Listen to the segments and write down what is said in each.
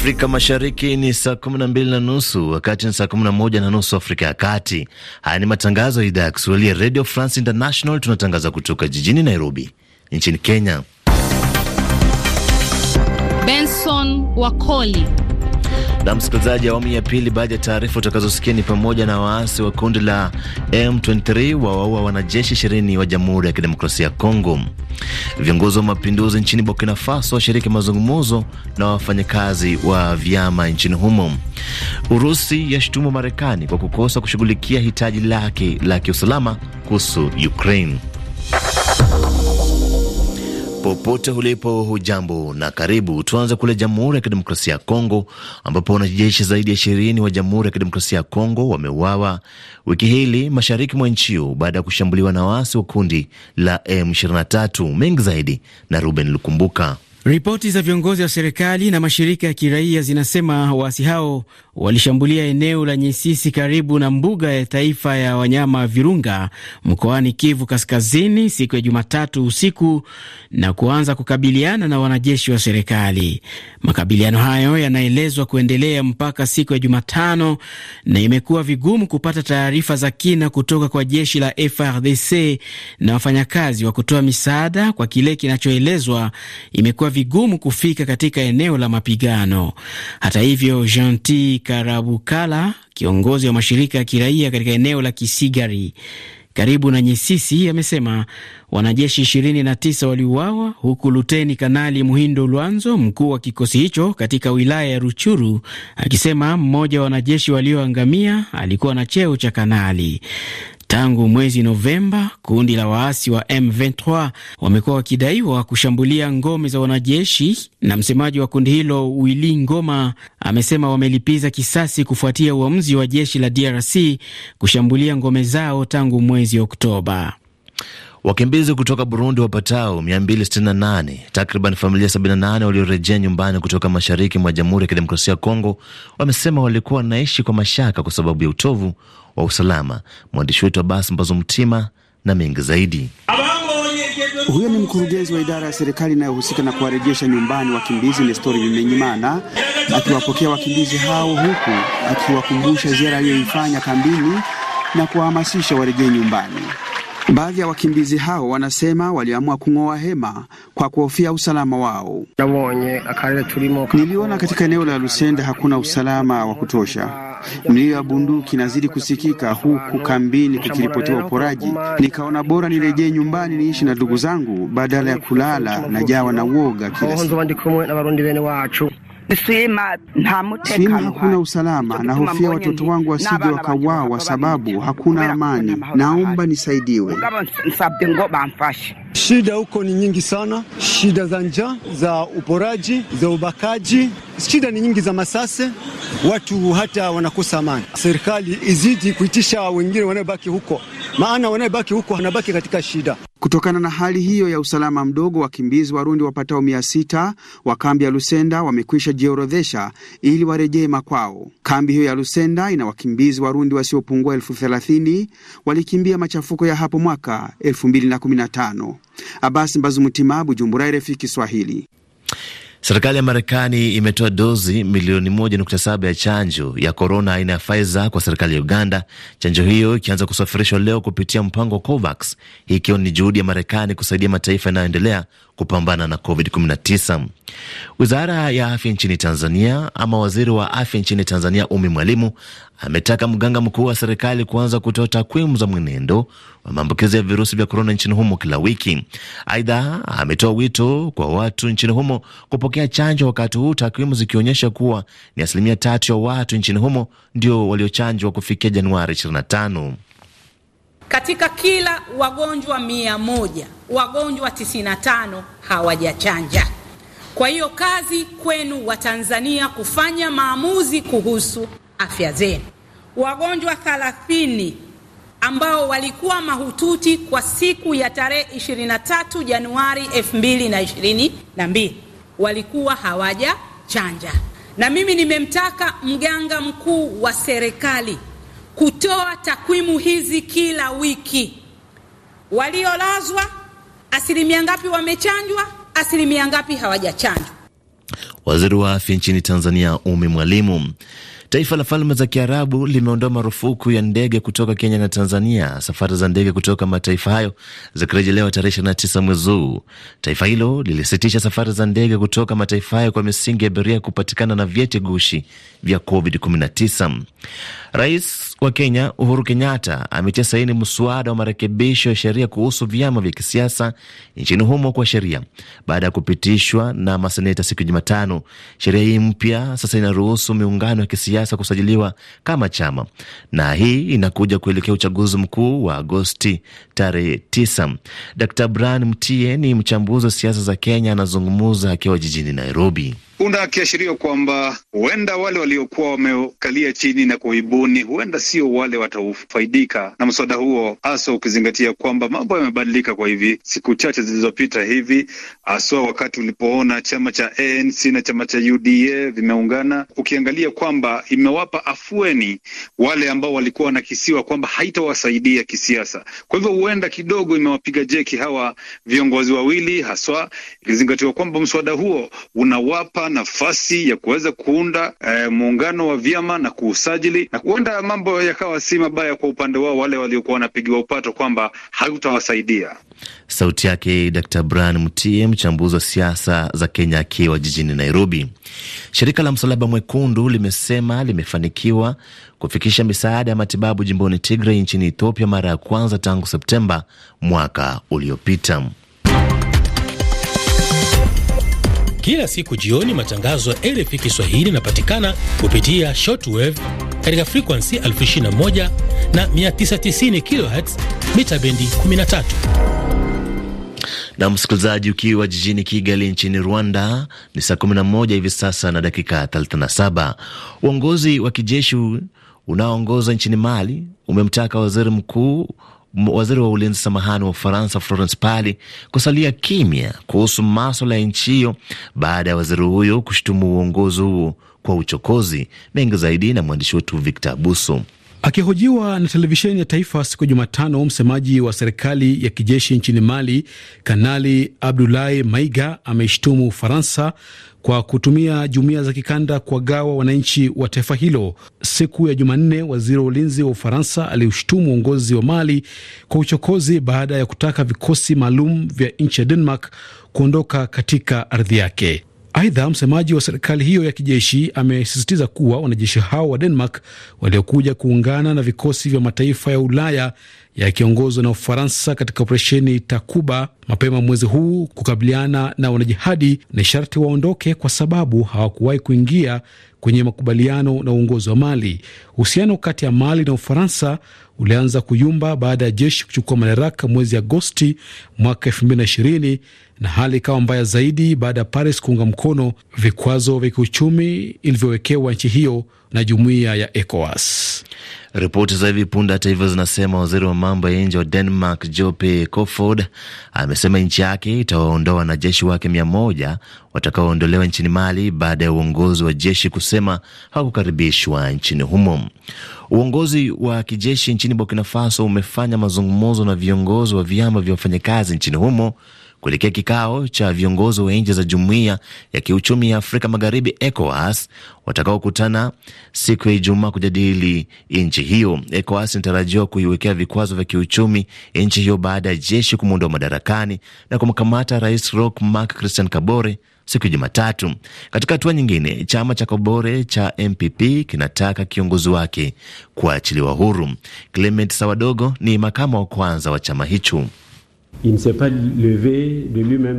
Afrika Mashariki ni saa 12 na nusu, wakati ni saa 11 na nusu Afrika ya Kati. Haya ni matangazo ya idhaa ya Kiswahili ya Radio France International. Tunatangaza kutoka jijini Nairobi, nchini Kenya. Benson Wakoli na msikilizaji, awamu ya pili. Baadhi ya taarifa utakazosikia ni pamoja na waasi wa kundi la M23 wawaua wanajeshi ishirini wa Jamhuri ya Kidemokrasia ya Kongo. Viongozi wa mapinduzi nchini Burkina Faso washiriki mazungumzo na wafanyakazi wa vyama nchini humo. Urusi yashutumu Marekani kwa kukosa kushughulikia hitaji lake la kiusalama kuhusu Ukraine. Popote ulipo hujambo na karibu. Tuanze kule Jamhuri ya Kidemokrasia ya Kongo, ambapo wanajeshi zaidi ya ishirini wa Jamhuri ya Kidemokrasia ya Kongo wameuawa wiki hili mashariki mwa nchi hiyo baada ya kushambuliwa na waasi wa kundi la M23. Mengi zaidi na Ruben Lukumbuka. Ripoti za viongozi wa serikali na mashirika ya kiraia zinasema waasi hao walishambulia eneo la Nyesisi karibu na mbuga ya taifa ya wanyama Virunga mkoani Kivu Kaskazini siku ya Jumatatu usiku na kuanza kukabiliana na wanajeshi wa serikali. Makabiliano hayo yanaelezwa kuendelea mpaka siku ya Jumatano na imekuwa vigumu kupata taarifa za kina kutoka kwa jeshi la frdc na wafanyakazi wa kutoa misaada kwa kile kinachoelezwa imekuwa vigumu kufika katika eneo la mapigano. Hata hivyo, Janti Karabukala, kiongozi wa mashirika ya kiraia katika eneo la Kisigari karibu na Nyisisi amesema wanajeshi 29 waliuawa huku Luteni Kanali Muhindo Lwanzo, mkuu wa kikosi hicho katika wilaya ya Ruchuru, akisema mmoja wa wanajeshi walioangamia alikuwa na cheo cha kanali. Tangu mwezi Novemba, kundi la waasi wa M23 wamekuwa wakidaiwa kushambulia ngome za wanajeshi, na msemaji wa kundi hilo Willy Ngoma amesema wamelipiza kisasi kufuatia uamuzi wa jeshi la DRC kushambulia ngome zao tangu mwezi Oktoba. Wakimbizi kutoka Burundi wapatao 268 takriban familia 78 waliorejea nyumbani kutoka mashariki mwa Jamhuri ya Kidemokrasia ya Kongo wamesema walikuwa wanaishi kwa mashaka kwa sababu ya utovu wa usalama. Mwandishi wetu abas Mbazo Mtima na mengi zaidi. Huyo ni mkurugenzi wa idara ya serikali inayohusika na, kuwarejesha nyumbani wakimbizi Nestori Vimenyimana akiwapokea wakimbizi hao huku akiwakumbusha ziara aliyoifanya kambini na kuwahamasisha warejee nyumbani. Baadhi ya wakimbizi hao wanasema waliamua kung'oa hema kwa kuhofia usalama wao. Niliona katika eneo la Lusenda hakuna usalama wa kutosha. Mlio ya bunduki inazidi kusikika huku kambini kukiripotiwa uporaji. Nikaona bora nirejee nyumbani niishi na ndugu zangu badala ya kulala na jawa na uoga kila siku. Sima hakuna usalama, nahofia watoto wangu wasije wakauawa, sababu hakuna amani. Naomba nisaidiwe. Shida huko ni nyingi sana, shida za njaa, za uporaji, za ubakaji, shida ni nyingi za masase, watu hata wanakosa amani. Serikali izidi kuitisha wengine wanaobaki huko, maana wanaobaki huko wanabaki katika shida. Kutokana na hali hiyo ya usalama mdogo, wakimbizi Warundi wapatao mia sita wa kambi ya Lusenda wamekwisha jiorodhesha ili warejee makwao. Kambi hiyo ya Lusenda ina wakimbizi Warundi wasiopungua elfu thelathini walikimbia machafuko ya hapo mwaka elfu mbili na kumi na tano. Abasi mbazumutima Bujumbura, RFI Kiswahili. Serikali ya Marekani imetoa dozi milioni 1.7 ya chanjo ya korona aina ya Pfizer kwa serikali ya Uganda, chanjo hiyo ikianza kusafirishwa leo kupitia mpango wa COVAX, hii ikiwa ni juhudi ya Marekani kusaidia mataifa yanayoendelea kupambana na COVID-19. Wizara ya afya nchini Tanzania ama waziri wa afya nchini Tanzania Umi Mwalimu ametaka mganga mkuu wa serikali kuanza kutoa takwimu za mwenendo wa maambukizi ya virusi vya korona nchini humo kila wiki. Aidha, ametoa wito kwa watu nchini humo kupokea chanjo, wakati huu takwimu zikionyesha kuwa ni asilimia tatu ya watu nchini humo ndio waliochanjwa kufikia Januari 25. Katika kila wagonjwa mia moja wagonjwa 95 hawajachanja. Kwa hiyo kazi kwenu wa tanzania kufanya maamuzi kuhusu afya zenu. Wagonjwa 30 ambao walikuwa mahututi kwa siku ya tarehe 23 Januari 2022 walikuwa hawajachanja, na mimi nimemtaka mganga mkuu wa serikali kutoa takwimu hizi kila wiki. Waliolazwa asilimia ngapi wamechanjwa, asilimia ngapi hawajachanjwa. Waziri wa afya nchini Tanzania Umi Mwalimu. Taifa la Falme za Kiarabu limeondoa marufuku ya ndege kutoka Kenya na Tanzania. Safari za ndege kutoka mataifa hayo zikirejelewa tarehe 29 mwezi huu. Taifa hilo lilisitisha safari za ndege kutoka mataifa hayo kwa misingi ya abiria kupatikana na vyeti gushi vya COVID-19. Rais wa Kenya Uhuru Kenyatta ametia saini mswada wa marekebisho ya sheria kuhusu vyama vya kisiasa nchini humo kwa sheria baada ya kupitishwa na maseneta siku ya Jumatano. Sheria hii mpya sasa inaruhusu miungano ya kisiasa kusajiliwa kama chama, na hii inakuja kuelekea uchaguzi mkuu wa Agosti tarehe tisa. Dkt Brian Mtie ni mchambuzi wa siasa za Kenya, anazungumza akiwa jijini Nairobi. Kuna kiashirio kwamba huenda wale waliokuwa wamekalia chini na kuibuni, huenda sio wale wataufaidika na mswada huo, haswa ukizingatia kwamba mambo yamebadilika kwa hivi siku chache zilizopita hivi, haswa wakati ulipoona chama cha ANC na chama cha UDA vimeungana, ukiangalia kwamba imewapa afueni wale ambao walikuwa wanakisiwa kwamba haitawasaidia kisiasa. Kwa hivyo huenda kidogo imewapiga jeki hawa viongozi wawili, haswa ikizingatiwa kwamba mswada huo unawapa nafasi ya kuweza kuunda eh, muungano wa vyama na kuusajili, na huenda mambo yakawa si mabaya kwa upande wao wale waliokuwa wanapigiwa upato kwamba hautawasaidia. Sauti yake Dr Brian Mtie, mchambuzi wa siasa za Kenya, akiwa jijini Nairobi. Shirika la Msalaba Mwekundu limesema limefanikiwa kufikisha misaada ya matibabu jimboni Tigray nchini Ethiopia mara ya kwanza tangu Septemba mwaka uliopita. Kila siku jioni, matangazo ya RFI Kiswahili yanapatikana kupitia shortwave katika frequency 21 na 990 kHz mita bendi 13. Na msikilizaji, ukiwa jijini Kigali nchini Rwanda ni saa 11 hivi sasa na dakika 37. Uongozi wa kijeshi unaoongoza nchini Mali umemtaka waziri mkuu waziri wa ulinzi samahani wa Ufaransa Florence Parly kusalia kimya kuhusu maswala ya nchi hiyo baada ya waziri huyo kushutumu uongozi huo kwa uchokozi. Mengi zaidi na mwandishi wetu Victor Abuso. Akihojiwa na televisheni ya taifa siku ya Jumatano, msemaji wa serikali ya kijeshi nchini Mali, Kanali Abdulahi Maiga ameshtumu Ufaransa kwa kutumia jumuiya za kikanda kuwagawa wananchi wa taifa hilo. Siku ya Jumanne, waziri wa ulinzi wa Ufaransa aliushtumu uongozi wa Mali kwa uchokozi baada ya kutaka vikosi maalum vya nchi ya Denmark kuondoka katika ardhi yake. Aidha, msemaji wa serikali hiyo ya kijeshi amesisitiza kuwa wanajeshi hao wa Denmark waliokuja kuungana na vikosi vya mataifa ya Ulaya yakiongozwa na Ufaransa katika operesheni Takuba mapema mwezi huu kukabiliana na wanajihadi, ni sharti waondoke kwa sababu hawakuwahi kuingia kwenye makubaliano na uongozi wa Mali. Uhusiano kati ya Mali na Ufaransa ulianza kuyumba baada ya jeshi kuchukua madaraka mwezi Agosti mwaka 2020 na hali ikawa mbaya zaidi baada ya Paris kuunga mkono vikwazo vya kiuchumi ilivyowekewa nchi hiyo na jumuiya ya ECOWAS. Ripoti za hivi punde, hata hivyo, zinasema waziri wa mambo ya nje wa Denmark Jope Kofod amesema nchi yake itawaondoa wanajeshi wake mia moja watakaoondolewa nchini Mali baada ya uongozi wa jeshi kusema hakukaribishwa nchini humo. Uongozi wa kijeshi nchini Burkina Faso umefanya mazungumzo na viongozi wa vyama vya wafanyakazi nchini humo kuelekea kikao cha viongozi wa nchi za jumuiya ya kiuchumi ya Afrika Magharibi ECOWAS watakaokutana siku ya Ijumaa kujadili nchi hiyo. ECOWAS inatarajiwa kuiwekea vikwazo vya kiuchumi nchi hiyo baada ya jeshi kumuondoa madarakani na kumkamata Rais Roch Marc Christian Kabore siku ya Jumatatu. Katika hatua nyingine, chama cha Kabore cha MPP kinataka kiongozi wake kuachiliwa huru. Clement Sawadogo ni makamu wa kwanza wa chama hicho.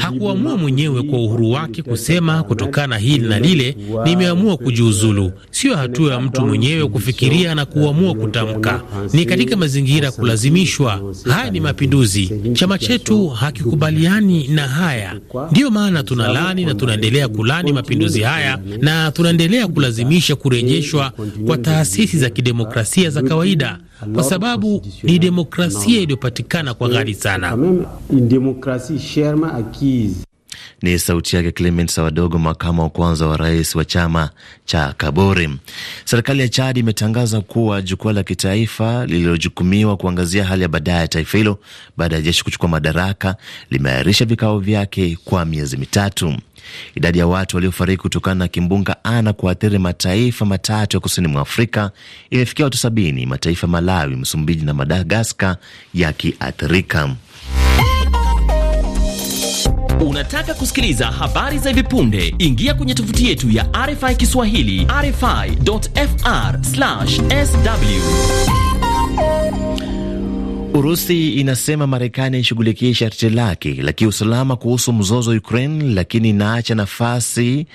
Hakuamua mwenyewe kwa uhuru wake kusema kutokana hili na lile, nimeamua kujiuzulu siyo hatua ya mtu mwenyewe kufikiria na kuamua kutamka, ni katika mazingira kulazimishwa. Haya ni mapinduzi. Chama chetu hakikubaliani na haya, ndiyo maana tunalani na tunaendelea kulani mapinduzi haya na tunaendelea kulazimisha kurejeshwa kwa taasisi za kidemokrasia za kawaida, kwa sababu ni demokrasia iliyopatikana kwa ghali sana. Ni sauti yake Clement Sawadogo, makamu wa kwanza wa rais wa chama cha Kabore. Serikali ya Chad imetangaza kuwa jukwaa la kitaifa lililojukumiwa kuangazia hali ya baadaye ya taifa hilo baada ya jeshi kuchukua madaraka limeahirisha vikao vyake kwa miezi mitatu. Idadi ya watu waliofariki kutokana na kimbunga Ana kuathiri mataifa matatu ya kusini mwa Afrika imefikia watu sabini, mataifa Malawi, Msumbiji na Madagaskar yakiathirika. Unataka kusikiliza habari za hivi punde? Ingia kwenye tovuti yetu ya RFI Kiswahili, rfi.fr/sw. Urusi inasema Marekani ishughulikie sharti lake la kiusalama kuhusu mzozo wa Ukraine, lakini inaacha nafasi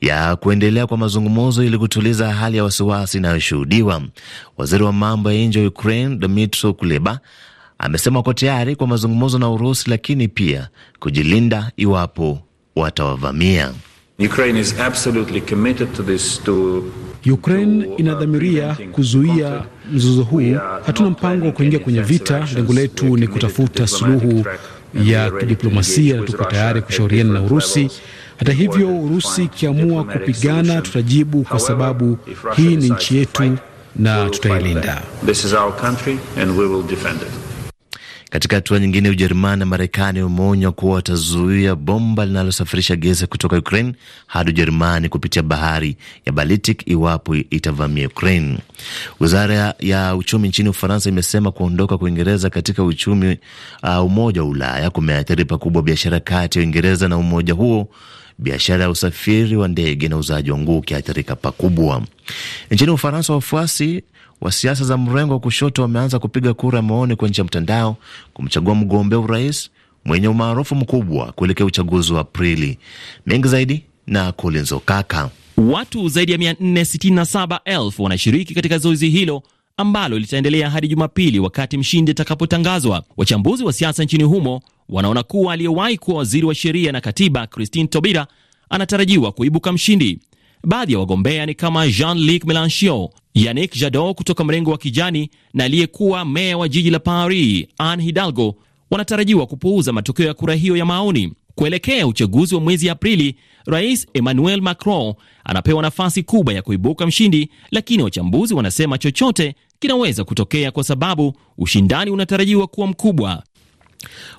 ya kuendelea kwa mazungumzo ili kutuliza hali ya wasiwasi inayoshuhudiwa. Waziri wa mambo ya nje wa Ukraine Dmytro Kuleba amesema wako tayari kwa mazungumzo na Urusi, lakini pia kujilinda iwapo watawavamia. Ukraine uh, inadhamiria kuzuia mzozo huu. Hatuna mpango wa kuingia kwenye vita. Lengo letu ni kutafuta suluhu ya kidiplomasia na tuko tayari kushauriana na Urusi. Hata hivyo, Urusi ikiamua kupigana, tutajibu kwa sababu hii ni nchi yetu na tutailinda. Katika hatua nyingine, Ujerumani na Marekani wameonywa kuwa watazuia bomba linalosafirisha gesi kutoka Ukraine hadi Ujerumani kupitia bahari ya Baltic iwapo itavamia Ukraine. Wizara ya uchumi nchini Ufaransa imesema kuondoka kwa Uingereza katika uchumi uh, umoja wa Ulaya kumeathiri pakubwa biashara kati ya Uingereza na umoja huo biashara ya usafiri wa ndege na uzaji wa nguo ukiathirika pakubwa. Nchini Ufaransa, wafuasi wa siasa za mrengo wa kushoto wameanza kupiga kura ya maoni kwa njia ya mtandao kumchagua mgombea urais mwenye umaarufu mkubwa kuelekea uchaguzi wa Aprili. Mengi zaidi na Collins Kaka. Watu zaidi ya 467,000 wanashiriki katika zoezi hilo ambalo litaendelea hadi Jumapili wakati mshindi atakapotangazwa. Wachambuzi wa siasa nchini humo wanaona kuwa aliyewahi kuwa waziri wa sheria na katiba Christine Tobira anatarajiwa kuibuka mshindi. Baadhi ya wagombea ni kama Jean-Luc Melenchon, Yannick Jadot kutoka mrengo wa kijani na aliyekuwa meya wa jiji la Paris Anne Hidalgo wanatarajiwa kupuuza matokeo ya kura hiyo ya maoni. Kuelekea uchaguzi wa mwezi Aprili, Rais Emmanuel Macron anapewa nafasi kubwa ya kuibuka mshindi, lakini wachambuzi wanasema chochote kinaweza kutokea kwa sababu ushindani unatarajiwa kuwa mkubwa.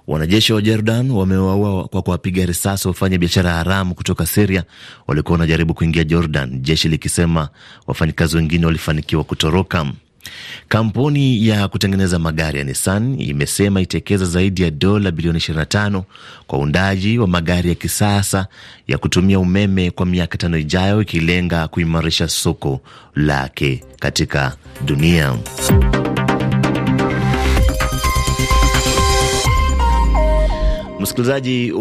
Wanajeshi wa Jordan wamewaua kwa kuwapiga risasi wafanya biashara haramu kutoka Siria walikuwa wanajaribu kuingia Jordan, jeshi likisema wafanyikazi wengine walifanikiwa kutoroka. Kampuni ya kutengeneza magari ya Nissan imesema itekeza zaidi ya dola bilioni 25 kwa undaji wa magari ya kisasa ya kutumia umeme kwa miaka tano ijayo, ikilenga kuimarisha soko lake katika dunia. Msikilizaji,